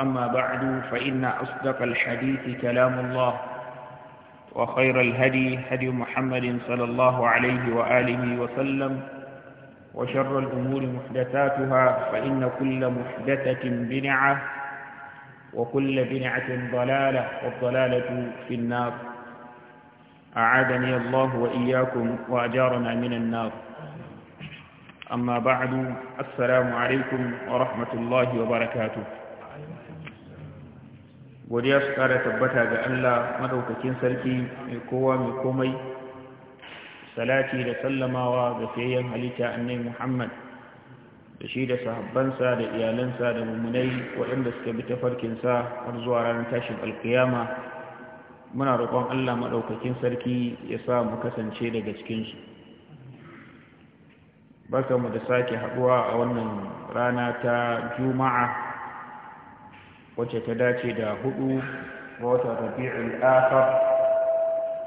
أما بعد فإن أصدق الحديث كلام الله وخير الهدي هدي محمد صلى الله عليه وآله وسلم وشر الأمور محدثاتها فإن كل محدثة بنعة وكل بنعة ضلالة والضلالة في النار أعادني الله وإياكم وأجارنا من النار أما بعد السلام عليكم ورحمة الله وبركاته godiya su kara tabbata ga Allah maɗaukakin sarki mai kowa mai komai salati da sallamawa ga fiyayyen halitta annai Muhammad da shi da sahabbansa da iyalansa da mummunai waɗanda suka bi tafarkinsa har zuwa ranar tashin alkiyama muna roƙon Allah madaukakin sarki ya sa mu kasance daga cikinsu mu da sake haɗuwa a wannan rana ta juma'a wacce ta dace da hudu ga watan rabi'ul akhir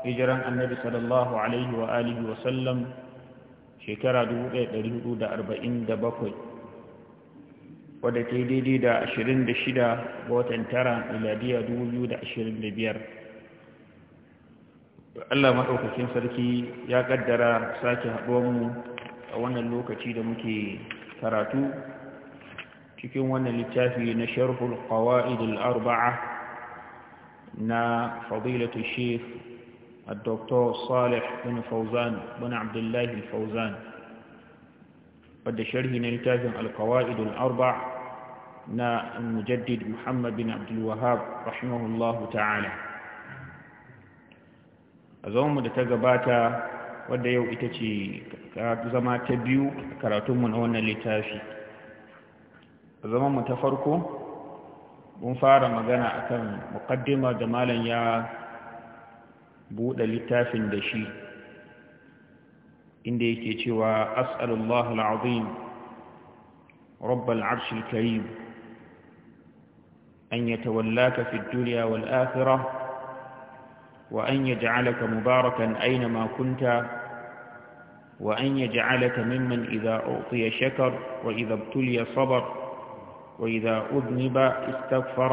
hijiran annabi sallallahu alaihi wa alihi wa sallam shekara 1447 wadda ta yi daidai da 26 ga watan tara miladiya 2025 Allah maɗaukakin sarki ya ƙaddara sake haɗuwanmu a wannan lokaci da muke karatu cikin wannan littafi na sharhul qawaid al-arba'a na fadilatu shaykh الدكتور صالح بن فوزان بن عبد الله الفوزان قد شرهنا لتازم القواعد الأربع نا المجدد محمد بن عبد الوهاب رحمه الله تعالى أزوم دتقباتا wadda yau ita ce zama ta biyu karatunmu na wannan littafi zaman mu ta farko mun fara magana akan muqaddima da malam ya bude littafin da shi inda yake cewa as'alullahu al'azim rabbal arshil karim an yatawallaka fid dunya wal akhirah wa an yaj'alaka mubarakan aina ma kunta wa an yaj'alaka mimman idha u'tiya أعطي wa idha ibtuliya sabara وإذا أذنب استغفر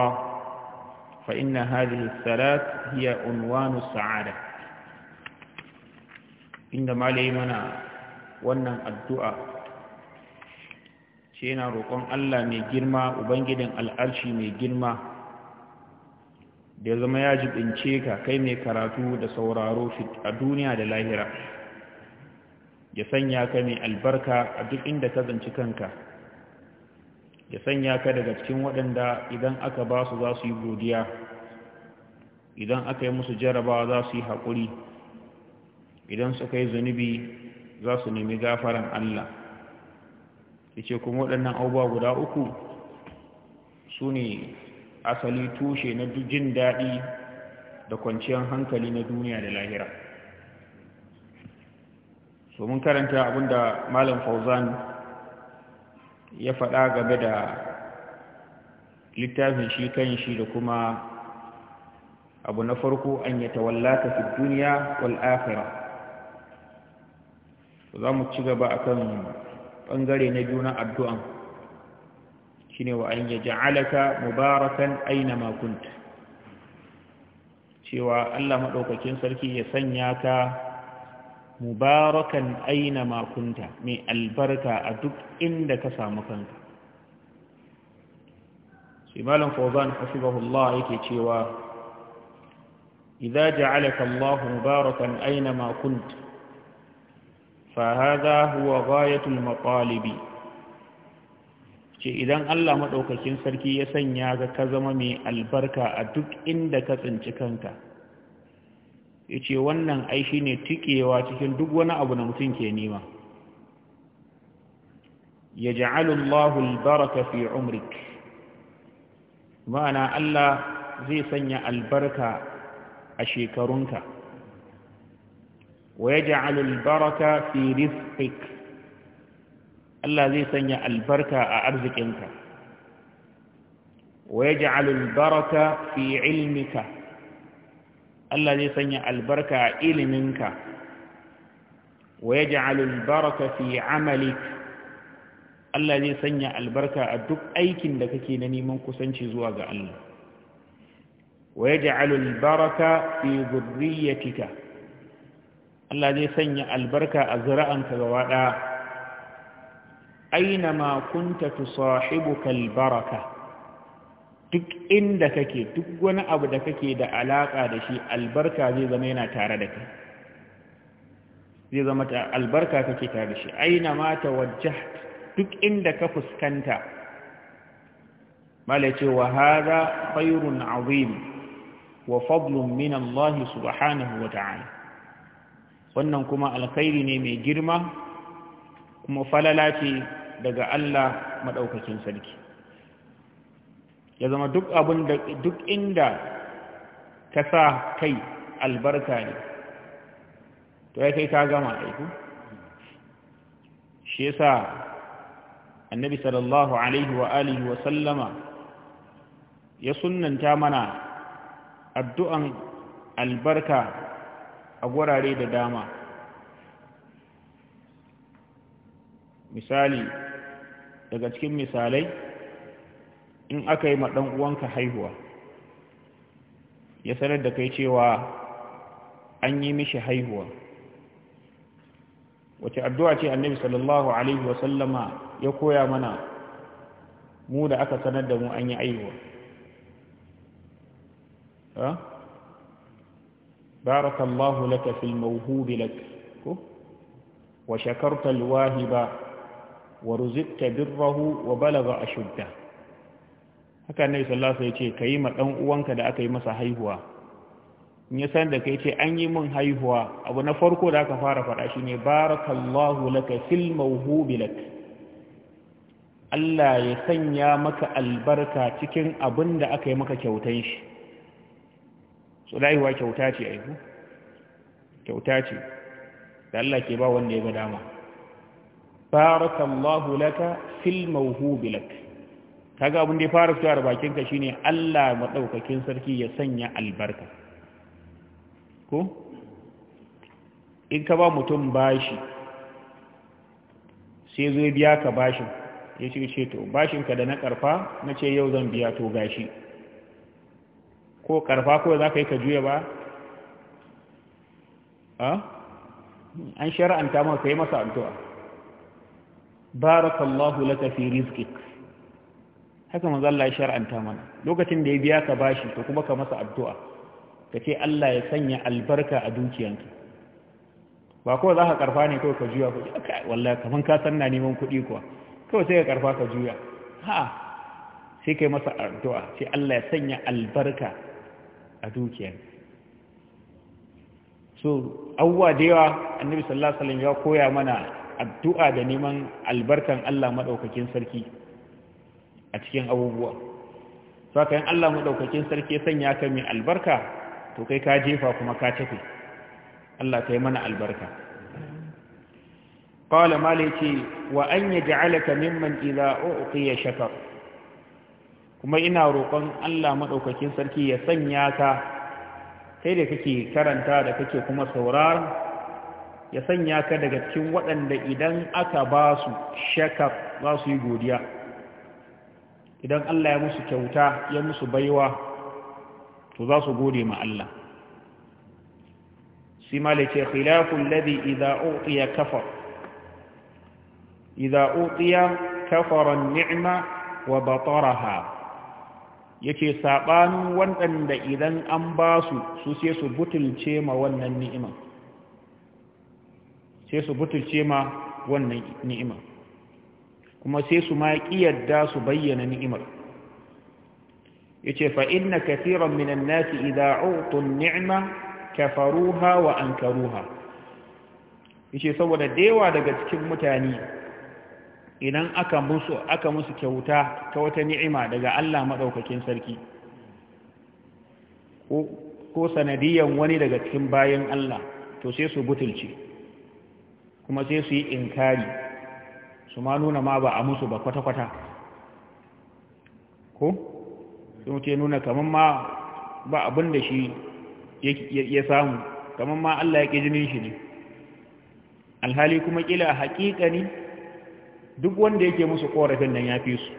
فإن هذه الثلاث هي عنوان السعادة عندما ليمنا wannan addu'a ce yana roƙon Allah mai girma Ubangidan al'arshi mai girma da ya zama ya jibince ka kai mai karatu da sauraro a duniya da lahira ya sanya ka mai albarka a duk inda ka zanci kanka ya sanya ka daga cikin waɗanda idan aka ba su za su yi godiya idan aka yi musu jarabawa za su yi haƙuri idan suka yi zunubi za su nemi gafaran Allah ya ce kuma waɗannan abubuwa guda uku su ne asali tushe na jin daɗi da kwanciyar hankali na duniya da lahira so mun karanta abinda malam fauzan ya faɗa game da littafin shi kan shi da kuma abu na farko an ya tawallata fi duniya wal akhirah za mu ci gaba a kan ɓangare na juna addu'an ne wa an ya ja'alaka mubarakan aina makunta? cewa Allah maɗaukakin sarki ya sanya ka mubarakan aina makunta mai albarka a duk inda ka samu kanka shi malam fauzan hasibahullah yake cewa idza ja'alaka Allah mubarakan aina ma kunt fa hadha huwa ghayatul matalibi ce idan Allah madaukakin sarki ya sanya ga ka zama mai albarka a duk inda ka tsinci kanka ya ce wannan ai shi ne tikewa cikin duk wani abu na mutum ke nema ya ja'alullahu albaraka fi umrik ma'ana Allah zai sanya albarka a shekarunka wa ya ja'alul baraka fi rizqik Allah zai sanya albarka a arzikinka wa ya ja'alul baraka fi ilmika Allah zai sanya albarka a iliminka wa yaj'alu albaraka fi amalik Allah zai sanya albarka a duk aikin da kake na neman kusanci zuwa ga Allah wa yaj'alu albaraka fi dhurriyyatika Allah zai sanya albarka a zuri'anka gaba ɗaya aina ma kunta tusahibuka baraka? duk inda kake duk wani abu da kake da alaƙa da shi albarka zai zama yana tare da kai zai zama ta albarka kake tare da shi aina ma tawajjah duk inda ka fuskanta mala ce wa hada khairun azim wa fadlun min Allah subhanahu wa ta'ala wannan kuma alkhairi ne mai girma kuma falala ce daga Allah madaukakin sarki ya zama duk abin da duk inda ka sa kai albarka ne to ya kai ka gama aiki shi yasa annabi sallallahu alaihi wa alihi wa sallama ya sunnanta mana addu'an albarka a gurare da dama misali daga cikin misalai in aka yi maɗan uwanka haihuwa ya sanar da kai cewa an yi mishi haihuwa wace addu'a ce annabi sallallahu alaihi wasallama ya koya mana mu da aka sanar da mu an yi haihuwa barakallahu laka fil mawhubi lak ko wa shakarta alwahiba wa ruzqta birrahu wa balagha ashuddah haka annabi sallallahu alaihi wasallam ya ce kayi ma dan uwanka da aka yi masa haihuwa in ya san da kai ce an yi min haihuwa abu na farko da aka fara faɗa ne barakallahu laka fil mawhubi lak Allah ya sanya maka albarka cikin abin da aka yi maka kyautan shi so rayuwa kyauta ce aiko kyauta ce da Allah ke ba wanda ya ga dama barakallahu laka fil mawhubi lak kaga abin da ya fara fitowa bakinka shine Allah madaukakin sarki ya sanya albarka ko in ka ba mutum bashi sai zo biya ka bashin ya ce ce to bashinka da na karfa na ce yau zan biya to gashi ko karfa ko za ka yi ka juya ba an shara'anta maka yi masa addu'a barakallahu laka fi rizqik haka manzo Allah ya shar'anta mana lokacin da ya biya ka bashi to kuma ka masa addu'a ka ce Allah ya sanya albarka a dukiyanka ba ko za ka karfa ne kawai ka juya kuɗi wallahi kaman ka san na neman kuɗi kuwa kawai sai ka karfa ka juya ha sai kai masa addu'a sai Allah ya sanya albarka a dukiyanka so awwa da yawa annabi sallallahu alaihi wasallam ya koya mana addu'a da neman albarkan Allah madaukakin sarki a cikin abubuwa ka yin Allah maɗaukakin sarki sanya ka mai albarka to kai ka jefa kuma ka tafi Allah ka yi mana albarka qala ce wa an yaj'alaka mimman uku ya shakar kuma ina roƙon Allah maɗaukakin sarki ya sanya ka kai da kake karanta da kake kuma saurar ya sanya ka daga cikin waɗanda idan aka ba su shakar za su yi godiya idan Allah ya musu kyauta ya musu baiwa to za su gode ma Allah sai malike khilafun ladhi idza utiya kafar idza utiya kafara nima wa bataraha yake sabanin waɗanda idan an ba su su sai su butulce ma wannan ni'ima sai su butulce ma wannan ni'ima kuma sai su ma yadda su bayyana ni'imar yace fa inna kathiran minan nasi idza utu ni'ma kafaruha wa ankaruha yace saboda dewa daga cikin mutane idan aka musu aka musu kyauta ta wata ni'ima daga Allah madaukakin sarki ko ko sanadiyan wani daga cikin bayan Allah to sai su butulce kuma sai su yi inkari su ma nuna ma ba a musu ba kwata-kwata ko sun ce nuna kamar ma ba abin da shi ya samu kamar ma Allah ya ƙi jinin shi ne alhali kuma ƙila haƙiƙa ne duk wanda yake musu ƙorafin nan ya fi su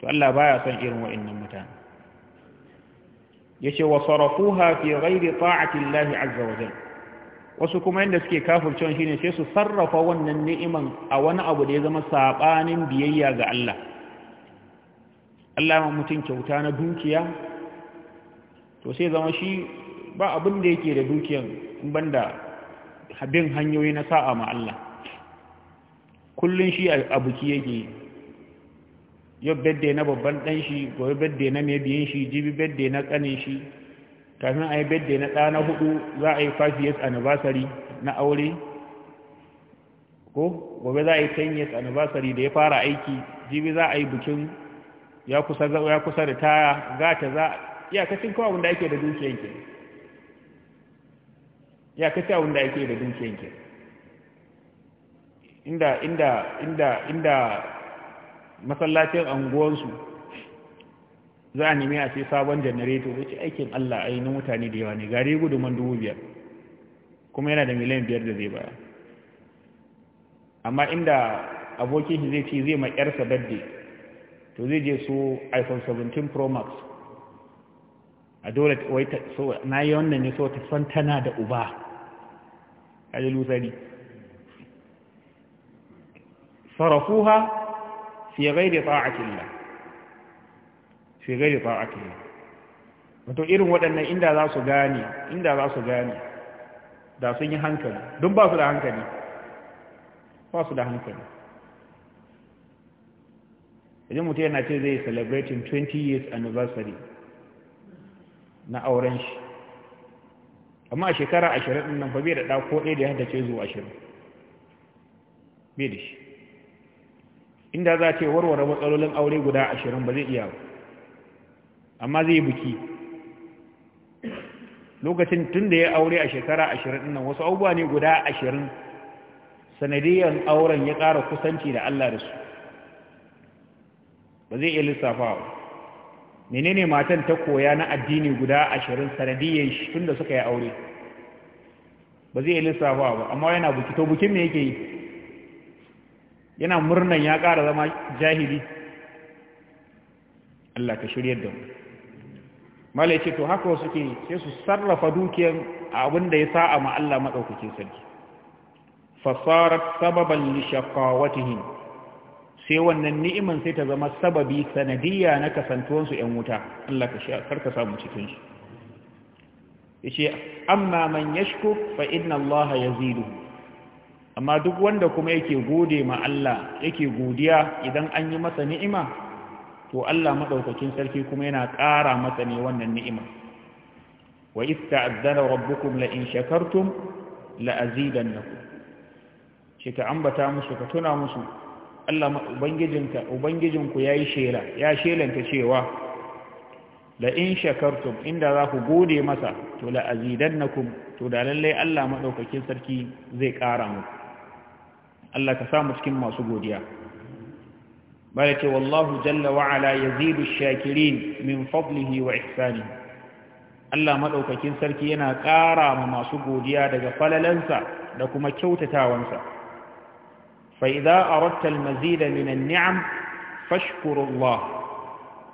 to Allah baya son irin waɗannan mutane Ya ce wa sarafuha fi ghairi ta'ati azza wa jalla wasu kuma yadda suke shi shine sai su sarrafa wannan ni'iman a wani abu da ya zama saɓanin biyayya ga Allah Allah ma mutum kyauta na dukiya to sai zama shi ba abin da yake da dukiyan banda bin hanyoyi na sa'a ma Allah Kullum shi a buki yake yau bedde na babban dan shi gobe bedde na mai biyan shi jibi bedde na kanin shi kafin a yi na ɗa na hudu za a yi five years anniversary na aure ko gobe za a yi ten years anniversary da ya fara aiki jibi za a yi bikin ya kusa ya kusa da taya ta za iyakacin kawai wanda ake da dukiyan ke kawai wanda ake da dukiyan ke inda inda inda inda masallacin anguwansu za a nemi a ce sabon janareto zai ce aikin Allah yi na mutane da yawa ne gare guduman dubu biyar kuma yana da miliyan biyar da zai baya amma inda abokin shi zai ce zai ma yarsa dadde. to zai je so iphone 17 pro max a dole na yi wannan ne so ta san da uba A yi lusari sarafuha da ghairi ta'atillah fi ghairi yi. wato irin waɗannan inda za su gane inda za su gane da sun yi hankali don ba su da hankali ba su da hankali idan mutu yana ce zai celebrating 20 years anniversary na auren shi amma a shekara ashirin ɗin nan fa bai da ɗa ko ɗaya da ya haddace zuwa ashirin bai da shi inda za ce warware matsalolin aure guda ashirin ba zai iya ba amma zai buki lokacin tun da ya aure a shekara ashirin nan wasu abubuwa ne guda ashirin sanadiyyar auren ya ƙara kusanci da Allah da su ba zai iya lissafawa menene matan ta koya na addini guda ashirin sanadiyar shi tun da suka yi aure ba zai iya lissafawa ba amma yana buki to bukin me yake yi yana murnan ya ƙara zama jahili Allah ka shirya da mu malai ce to haka suke ce sai su sarrafa dukiyar abin da ya sa'a ma Allah maɗaukake sarki fasarat sababan wata shaqawatihim sai wannan ni'iman sai ta zama sababi sanadiyya na kasantuwansu ‘yan wuta Allah karka samu cikin shi ya ce amma man ya shiko fa inna Allah ya zidu amma duk wanda kuma yake gode ma Allah yake godiya idan an yi masa ni'ima to Allah maɗaukakin sarki kuma yana ƙara masa ne wannan ni'ima wa ista'adzana rabbukum la in shakartum la ku. ce ka ambata musu ka tuna musu Allah ubangijinka ubangijinku yayi shela ya shelanta cewa la in shakartum inda za ku gode masa to la ku to da lallai Allah maɗaukakin sarki zai ƙara muku Allah ka sa mu cikin masu godiya malaka wallahu jalla wa ala yazidu shakirin min fadlihi wa ihsani Allah madaukakin sarki yana ƙara ma masu godiya daga falalansa da kuma kyautatawansa fa idza aradta al min an-ni'am Allah.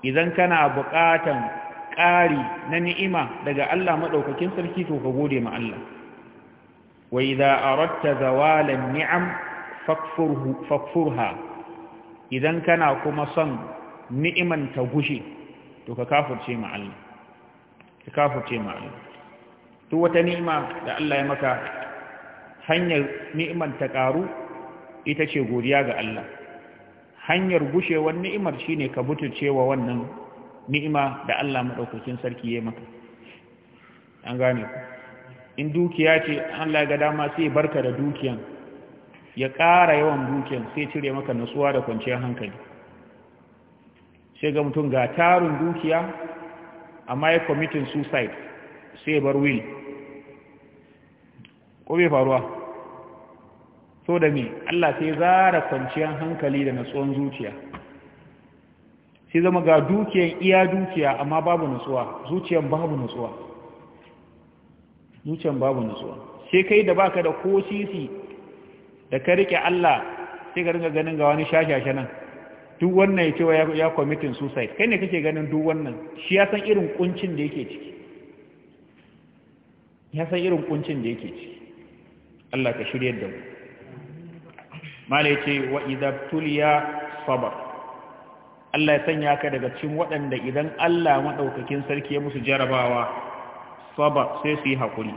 idan kana buƙatan ƙari na ni'ima daga Allah madaukakin sarki to ka gode ma Allah wa idza aradta zawalan ni'am fakfurhu fakfurha idan kana kuma son ni'iman ta gushe to ka kafurce ma Allah ka kafurce ma Allah To wata ni'ima da Allah ya maka hanyar ni'iman ta karu ita ce godiya ga Allah hanyar gushewar ni'imar shine ka wa wannan ni'ima da Allah madaukakin sarki ya maka an gane ku in dukiya ce Allah ya ga dama sai barka da dukiyan ya ƙara yawan dukiyar sai cire maka nutsuwa da kwanciyar hankali sai ga mutum ga tarin dukiya amma ya committing suicide sai bar will ko bai faruwa so da me Allah sai zara kwanciyar hankali da nutsuwan zuciya sai zama ga dukiyar iya dukiya amma babu nutsuwa zuciyar babu nutsuwa zuciyar babu nutsuwa sai kai da baka da ko sisi da ka rike Allah sai ka ringa ganin ga wani shashashe nan duk wannan ya cewa ya committing suicide kai ne kake ganin duk wannan shi ya san irin kuncin da yake ciki ya san irin kuncin da yake ciki Allah ka shirye da mu malai ce wa idza tuliya sabar Allah ya sanya ka daga cikin waɗanda idan Allah madaukakin sarki ya musu jarabawa sabar sai su yi hakuri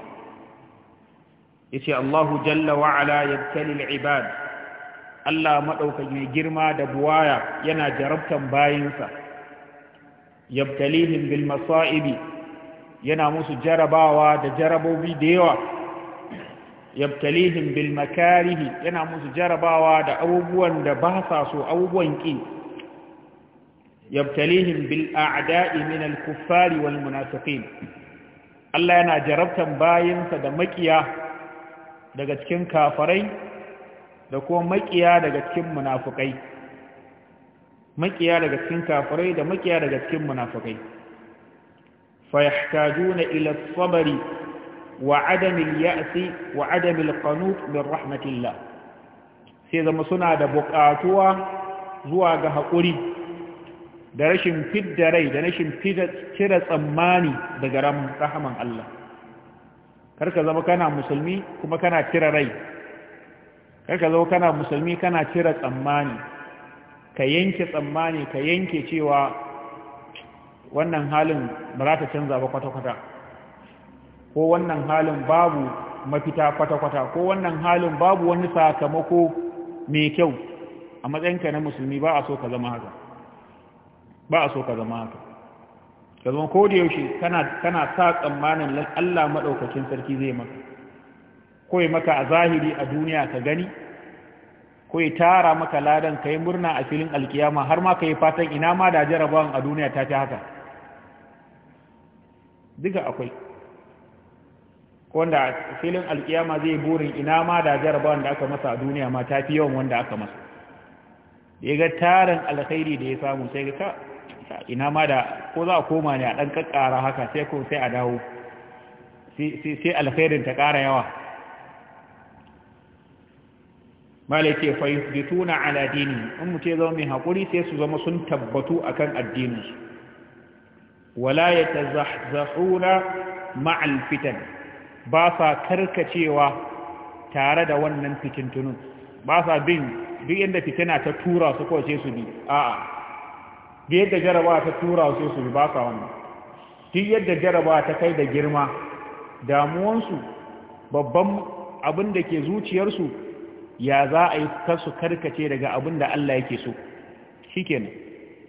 yace Allahu jalla wa ala yabtali al-ibad Allah madaukakin girma da buwaya yana jarabtan bayinsa yabtalihim bil masaibi yana musu jarabawa da jarabobi da yawa yabtalihim bil makarihi yana musu jarabawa da abubuwan da ba sa so abubuwan ki yabtalihim bil a'da'i min al kuffari wal munafiqin Allah yana jarabtan bayinsa da makiya daga cikin kafarai da kuma makiya daga cikin munafukai makiya daga cikin kafarai da makiya daga cikin munafukai fa yahtajuna ila sabri wa adami al-ya'si wa adami al-qanut min rahmatillah sai zama suna da buƙatuwa zuwa ga haƙuri da rashin fidda rai da rashin cire tsammani daga rahaman Allah kar ka zama kana musulmi kuma kana cire rai kar ka zama kana musulmi kana cire tsammani ka yanke tsammani ka yanke cewa wannan halin ba za ta canza ba kwata-kwata ko wannan halin babu mafita kwata-kwata ko wannan halin babu wani sakamako mai kyau a matsayinka na musulmi ba a so ka zama haka ba a so ka zama haka ka zama ko da yaushe kana kana sa tsammanin Allah madaukakin sarki zai maka ko ya maka a zahiri a duniya ka gani ko ya tara maka ladan kai murna a filin alkiyama har ma kai fatan ina ma da jarabawan a duniya ta ta haka duka akwai ko wanda a filin alkiyama zai burin ina ma da jarabawan da aka masa a duniya ma ta fi yawan wanda aka masa ya ga tarin alkhairi da ya samu sai ga ina ma da ko za a koma ne a ɗan ƙaƙƙara haka sai ko sai a dawo sai alkhairin ta ƙara yawa malake fayyutuna ala dini in mutu ce zama mai haƙuri sai su zama sun tabbatu a kan addininsu wala ya ta zahuna ma'al fitan ba sa karkacewa tare da wannan fitintunin ba sa bin duk inda fitina ta tura su kawace su bi a'a da yadda jaraba ta tura sai su ba wannan duk yadda jaraba ta kai da girma damuwansu babban abin da ke zuciyarsu ya za a yi kasu karkace daga abin da Allah yake so shi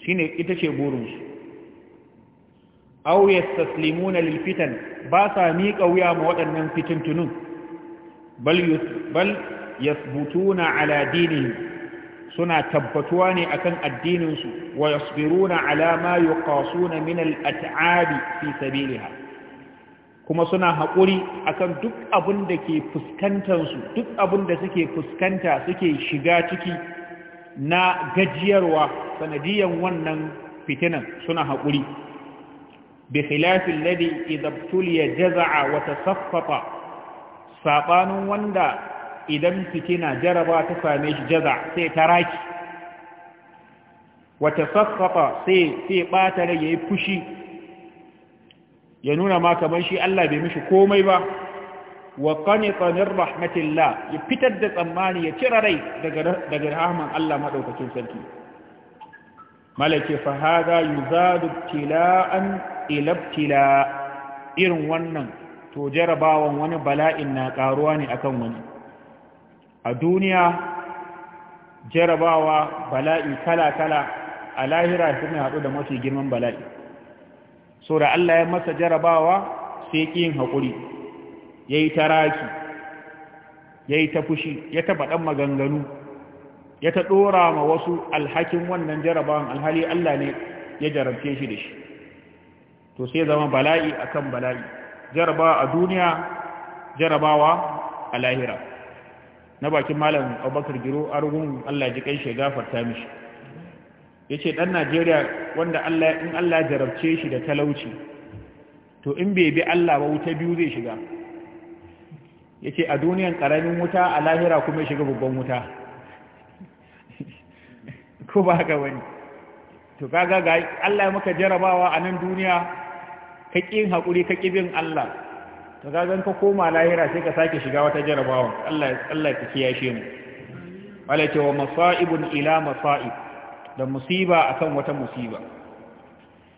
shine ita ce burinsu auye yastaslimuna lil fitan ba sa miƙa wuya ma waɗannan fitintunun bal yasbutuna ala dinihim suna tabbatuwa ne akan addininsu wa yasbiruna ala ma yuqasuna min al-at'abi fi sabiliha kuma suna haƙuri akan duk abin da ke su duk abin da suke fuskanta suke shiga ciki na gajiyarwa sanadiyan wannan fitinan suna haƙuri bi khilafin ladhi idabtuliya jaza'a wa tasaffata sabanin wanda idan fitina jaraba ta same shi jaza sai ta raki wata sassafa sai sai ɓata rai ya yi fushi ya nuna ma kamar shi Allah bai mishi komai ba wa qanita min rahmatillah ya fitar da tsammani ya cire rai daga daga rahman Allah maɗaukacin sarki malaki fa za yuzadu tila'an ila irin wannan to jarabawan wani bala'in na ƙaruwa ne akan wani a duniya jarabawa bala'i kala-kala a lahira su mai haɗu da mafi girman bala'i so da Allah ya masa jarabawa sai ƙin haƙuri ya yi taraki ya yi ta fushi ya taɓa ɗan maganganu ya ta ɗora ma wasu alhakin wannan jarabawan alhali Allah ne ya jarabce shi da shi to sai zama bala'i akan bala'i jarabawa a duniya jarabawa a lahira na bakin malam abubakar giro rugun allah ji kai shi gafarta mishi ya ce ɗan najeriya wanda in allah jarabce shi da talauci to in bai bi allah ba wuta biyu zai shiga ya ce a duniyan ƙaramin wuta a lahira kuma ya shiga babban wuta ko ba ga wani to kaga ga allah maka jarabawa a nan duniya ka ƙin haƙuri ka bin allah to gagan ka koma lahira sai ka sake shiga wata jarabawa Allah Allah ya kiyashe mu malaka wa masaibun ila masaib da musiba akan wata musiba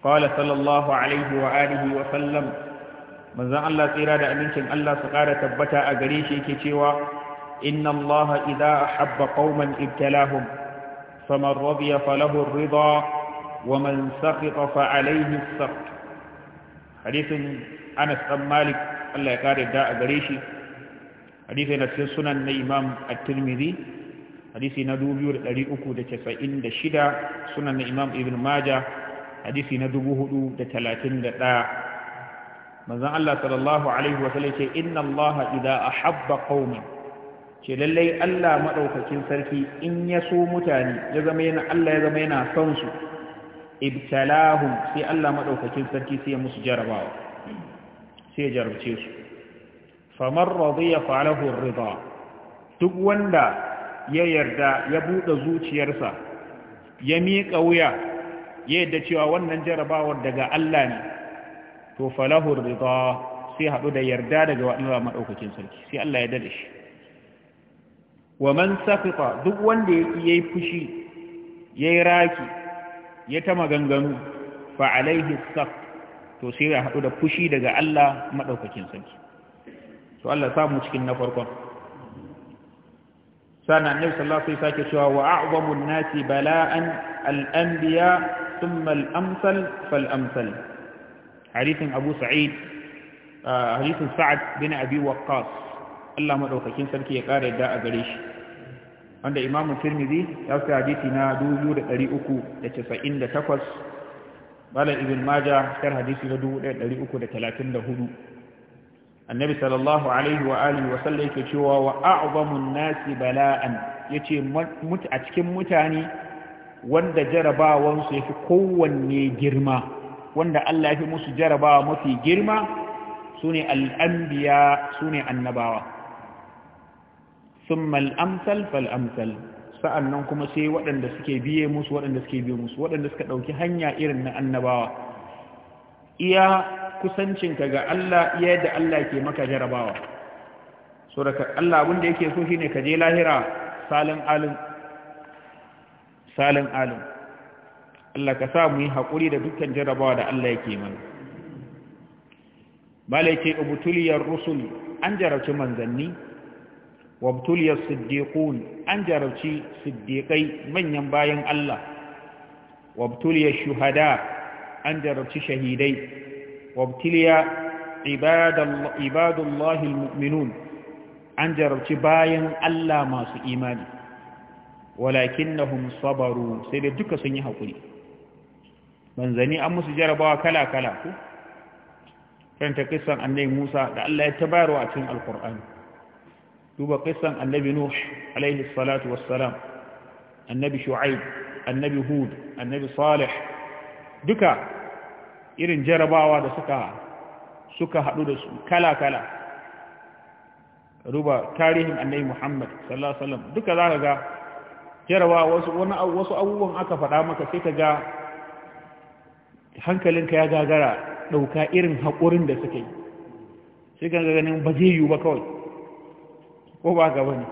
qala sallallahu alaihi wa alihi wa sallam manzon Allah tsira da amincin Allah su kara tabbata a gare shi yake cewa inna Allah idza ahabba qauman ibtalahum faman radiya falahu ar-ridha wa man sakhita fa alayhi as-sakht hadithin Anas bin Malik Allah ya kare da a gare shi hadisi na cikin sunan na imam at-tirmidhi hadisi na 2396 sunan na imam ibn maja hadisi na 431 manzon Allah sallallahu alaihi wa sallam ce inna Allah idza ahabba qauman ce lallai Allah madaukakin sarki in ya so mutane ya zama yana Allah ya zama yana son su ibtalahum sai Allah madaukakin sarki sai ya musu jarabawa sai ya jarabce su famar ya falahu rida duk wanda ya yarda ya bude zuciyarsa ya miƙa wuya ya yadda cewa wannan jarabawar daga Allah ne to falahu rida sai haɗu da yarda daga waɗanda maɗaukacin sarki sai Allah ya dade shi wa man safita duk wanda ya yi fushi yayi raki ya ta maganganu fa alaihi safita to sai ya haɗu da fushi daga Allah maɗaukakin sarki to Allah sa mu cikin na farkon sana annabi sallallahu alaihi wasallam sake cewa wa a'zamu an-nasi bala'an al-anbiya thumma al-amsal fal-amsal hadithin Abu Sa'id hadithin Sa'ad bin Abi Waqqas Allah madaukakin sarki ya kare da a gare shi wanda Imam Tirmidhi ya sa hadithi na 2398 malam Ibin maja kan hadisi na 1334 annabi sallallahu alaihi wa alihi wa sallam yake cewa wa a'zamun nasi bala'an yace a cikin mutane wanda jarabawansu yafi kowanne girma wanda Allah ya fi musu jarabawa mafi girma sune al sune annabawa thumma al-amsal amsal sa'annan kuma sai waɗanda suke biye musu waɗanda suke biye musu waɗanda suka ɗauki hanya irin na annabawa iya kusancinka ga Allah iya da Allah ke maka jarabawa so daga Allah abinda yake so ne ka je lahira salin alin, salin alin. Allah ka sa mu yi haƙuri da dukkan jarabawa da Allah yake mana bala yake ubutuliyar rusul an jarabci manzanni wabtuliya siddiqun an jarabci siddiqai manyan bayan Allah wabtuliya shuhada an jarabci shahidai wabtuliya ibadullahi almu'minun an jarabci bayan Allah masu imani walakinnahum sabaru sai da duka sun yi hakuri manzani an musu jarabawa kala kala ku kanta kisan annabi Musa da Allah ya tabarwa a cikin alqur'ani duba kisan annabi nuh alaihi salatu wassalam annabi shu'aib annabi hud annabi salih duka irin jarabawa da suka suka haɗu da su kala-kala duba tarihin annabi muhammad sallallahu alaihi wasallam duka za ka ga jarabawa wasu wasu abubuwan aka faɗa maka sai ka ga hankalinka ya gagara ɗauka irin haƙurin da suke, yi sai ka ganin ba zai yiwu ba kawai ko ba gaba ne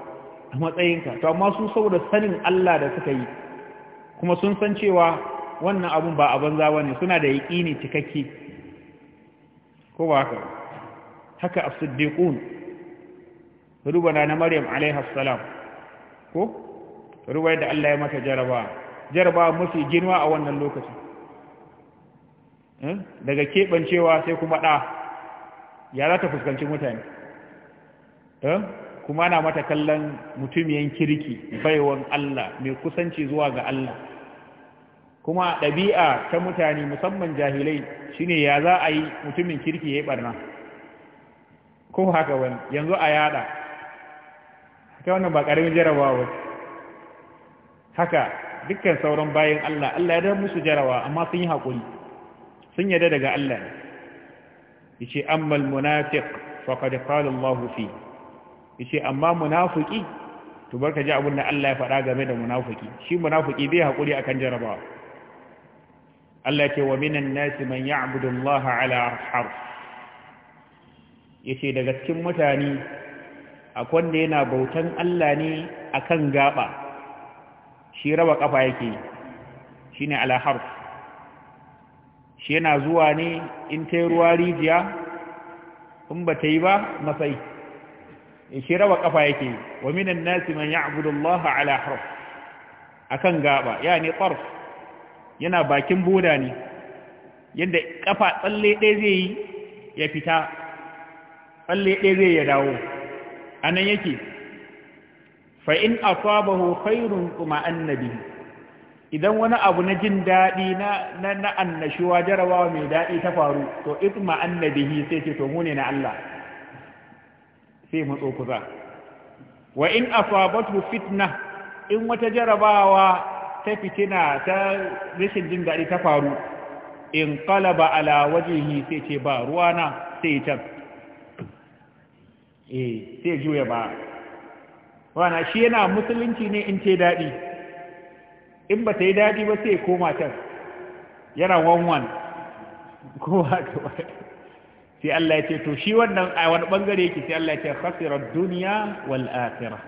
a matsayinka to amma su saboda sanin Allah da suka yi kuma sun san cewa wannan abun ba a banza bane suna da yaqini cikakke ko ba haka haka as-siddiqun rubana na Maryam alaiha salam ko ruwaya da Allah ya mata jaraba jaraba musu girma a wannan lokaci eh? daga keɓancewa sai kuma ɗa ya za ta fuskanci mutane eh? kuma ana mata kallon mutumiyan kirki baiwan Allah mai kusanci zuwa ga Allah kuma ɗabi'a ta mutane musamman jahilai shine ya za a yi mutumin kirki ya yi ɓarna ko haka wani yanzu a yada ta wannan ba ƙaramin jarabawa haka dukkan sauran bayan Allah Allah ya dar musu jarawa amma sun yi haƙuri sun yarda daga Allah ne yace ammal munafiq faqad qala Allah fihi yace amma munafiki to barka ji abin da Allah ya faɗa game da munafiki shi munafiki bai hakuri akan jarabawa Allah ce wa minan nasi man ya'budu Allah ala harf yace daga cikin mutane akwai wanda yana bautan Allah ne akan gaba shi raba kafa yake shine ala harf shi yana zuwa ne in tayi ruwa rijiya in ba ta yi ba masai shi raba kafa yake wa minan nasi man ya'budu Allah ala harf akan gaba yani tarf yana bakin boda ne yanda ƙafa tsalle ɗaya zai yi ya fita tsalle ɗaya zai ya dawo anan yake fa in asabahu khairun kuma annabi idan wani abu na jin daɗi na na annashuwa jarabawa mai daɗi ta faru to itma annabihi sai ce to mu ne na Allah sai matso kusa wa in asabatu fitna in wata jarabawa ta fitina ta rashin jin daɗi ta faru in kalaba ala wajihi sai ce ba ruwana sai can eh sai juya ba wana shi yana musulunci ne in ce daɗi in ba ta yi daɗi ba sai koma can yana wanwan kowa gaba sai Allah ya ce to shi wannan a wani bangare yake sai Allah ya ce khasirar duniya wal akhirah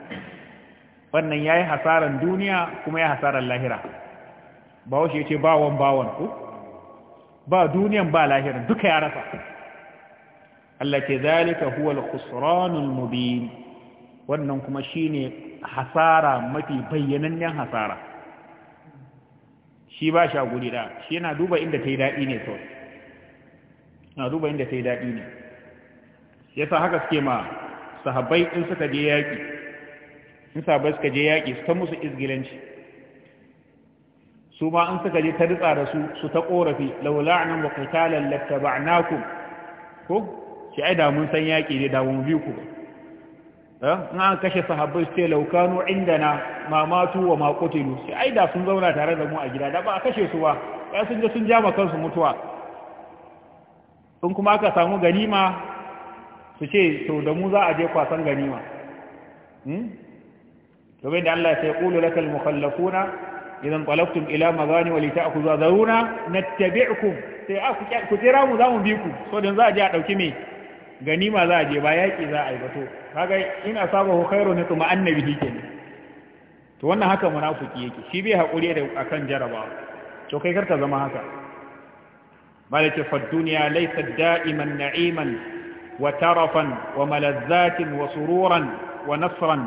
wannan yayi hasaran duniya kuma ya hasaran lahira bawo shi yace ba bawon ku ba duniyan ba lahirin duka ya rasa Allah ce zalika huwa al-khusran al-mubin wannan kuma shine hasara mafi bayyanannen hasara shi ba shi da shi yana duba inda ta yi daɗi ne kawai na duba inda ta yi daɗi ne yasa haka suke ma sahabbai in suka je yaƙi in sahabbai suka je yaƙi su ta musu izgilanci su ma in suka je ta ritsa da su su ta ƙorafi laula'anan wa a lattaba'nakum ko shi ai damun mun san yaƙi ne da mun biyu ku ba eh? in an kashe sahabbai su ce laukanu indana na mamatu wa makotilu shi ai da sun zauna tare da mu a gida da ba a kashe su ba sai sun je sun ja kansu mutuwa in kuma aka samu ganima su ce to da mu za a je kwasan ganima hmm? to bai da Allah sai qulu lakal mukhallafuna idan talabtum ila magani wa lita'khudhu zaruna nattabi'ukum sai ah, a ku jira mu za mu bi ku so dan za a je a dauki me ganima za a je ba yaki za a yi ba to kaga in asabahu khairun kuma annabi ne to wannan haka munafiki yake shi bai hakuri da akan jarabawa to kai karka zama haka malaka fa duniya laysa da'iman na'iman wa tarafan wa malazzatin wa sururan wa nasran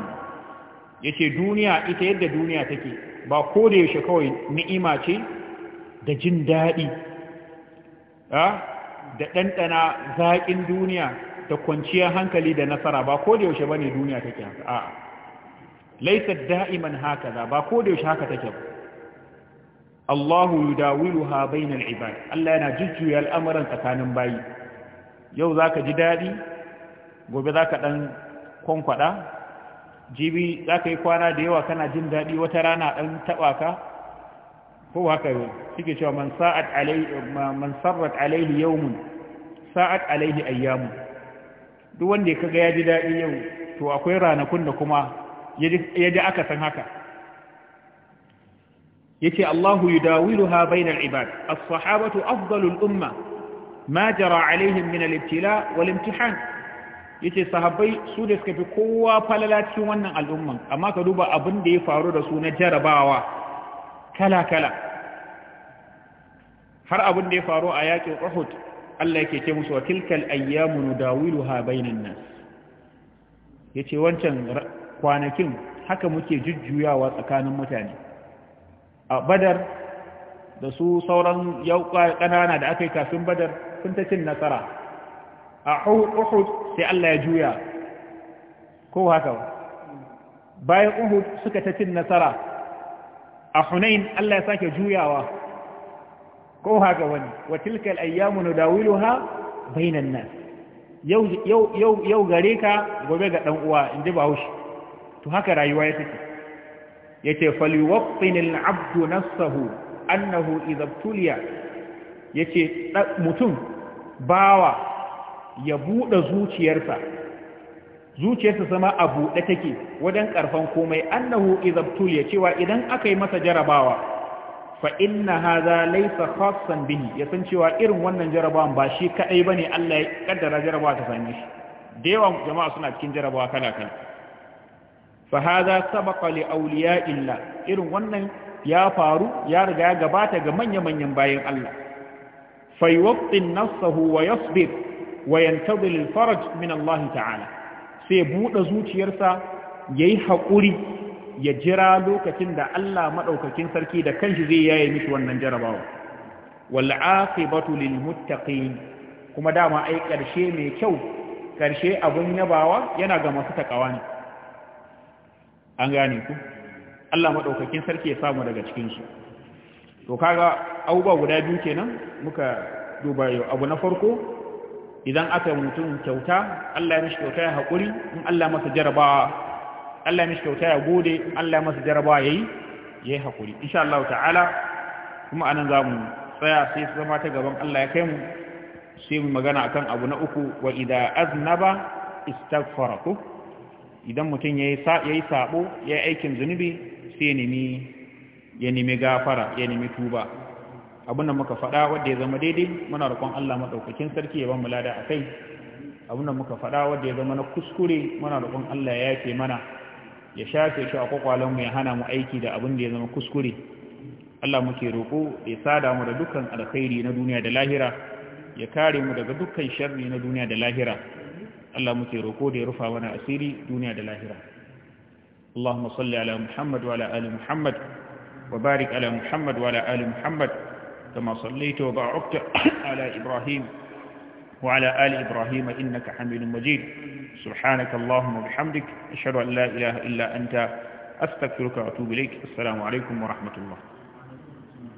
yace duniya ita yadda duniya take ba ko da yaushe kawai ni'ima ce da jin daɗi da dandana zaƙin duniya da kwanciyar hankali da nasara ba ko da yaushe ba ne duniya take haka a da'iman haka za ba ko da yaushe haka take ba Allahu yudawiluha bainal ibad Allah yana jujjuya al'amuran tsakanin bayi yau zaka ji dadi gobe zaka dan kwankwaɗa? jibi zaka yi kwana da yawa kana jin dadi wata rana dan taba ka ko haka suke cewa man sa'at alai man sarrat alaihi yawmun sa'at alaihi ayyamu duk wanda kaga ya ji dadi yau to akwai ranakun da kuma yaji aka san haka yace Allahu yudawiluha bainal ibad as-sahabatu afdalul umma ma jara alaihim min al-ibtila wal imtihan yace sahabbai su da suka fi kowa falala cikin wannan al'umman amma ka duba abin da ya faru da su na jarabawa kala kala har abin da ya faru a yakin Uhud Allah yake ce musu wa tilkal ayyamu nudawiluha bainan nas yace wancan kwanakin haka muke jujjuyawa tsakanin mutane a badar da su sauran yauka ƙanana da aka yi kafin badar sun ta cin nasara a uhud sai Allah ya juya ko haka bayan uhud suka ta cin nasara a hunain Allah ya sake juyawa ko haka wani wa tilkal ayyamu nudawiluha bainan nas yau yau yau gare ka gobe ga ɗan'uwa, uwa inji bahaushe to haka rayuwa ya take yace falyuwattin al'abdu nafsahu annahu idza ibtuliya yace mutum bawa ya bude zuciyarsa zuciyarsa sama a buɗe take wajen ƙarfan komai annahu idza ibtuliya cewa idan aka yi masa jarabawa fa inna hadha laysa khassan bihi yasan cewa irin wannan jarabawan ba shi kadai bane Allah ya kaddara jarabawa ta same shi da yawa jama'a suna cikin jarabawa kala kala fa hadha sabaqa li awliya illa irin wannan ya faru ya riga ya gabata ga manya-manyan bayan Allah fa yuwattin nafsahu wa yasbir wa yantazil faraj min Allah ta'ala sai bude zuciyarsa yayi hakuri ya jira lokacin da Allah madaukakin sarki da kanshi zai yaye mishi wannan jarabawa wal aqibatu lil muttaqin kuma dama ai karshe mai kyau karshe abun yabawa yana ga masu takawa ne an gane ku Allah maɗaukakin sarki ya samu daga cikinsu to kaga abubuwa guda biyu kenan muka duba yau abu na farko idan aka yi mutum kyauta Allah ya mishi kyauta ya haƙuri in Allah masa jarabawa Allah ya mishi kyauta ya gode in Allah masa jarabawa yayi yayi haƙuri insha Allah ta'ala kuma anan za mu tsaya sai su zama ta gaban Allah ya kai mu sai mu magana akan abu na uku wa idza aznaba istaghfara idan mutum ya yi saɓo, ya yi aikin zunubi sai ya nemi ya nemi gafara ya nemi tuba abin muka faɗa wanda ya zama daidai muna roƙon Allah maɗaukakin sarki ya ban mu lada a kai muka faɗa wanda ya zama na kuskure muna roƙon Allah ya yafe mana ya shafe shi a kwakwalen mu ya hana mu aiki da abun da ya zama kuskure Allah muke roƙo ya sada mu da dukkan alkhairi na duniya da lahira ya kare mu daga dukkan sharri na duniya da lahira Allah muke roko da ya rufa mana asiri duniya da lahira Allahumma salli ala Muhammad wa ala ali Muhammad wa barik ala Muhammad wa ala ali Muhammad kama sallaita wa ala Ibrahim wa ala ali Ibrahim innaka Hamidum Majid subhanaka Allahumma bihamdik ashhadu an la ilaha illa anta astaghfiruka wa atubu ilaik assalamu alaikum wa rahmatullah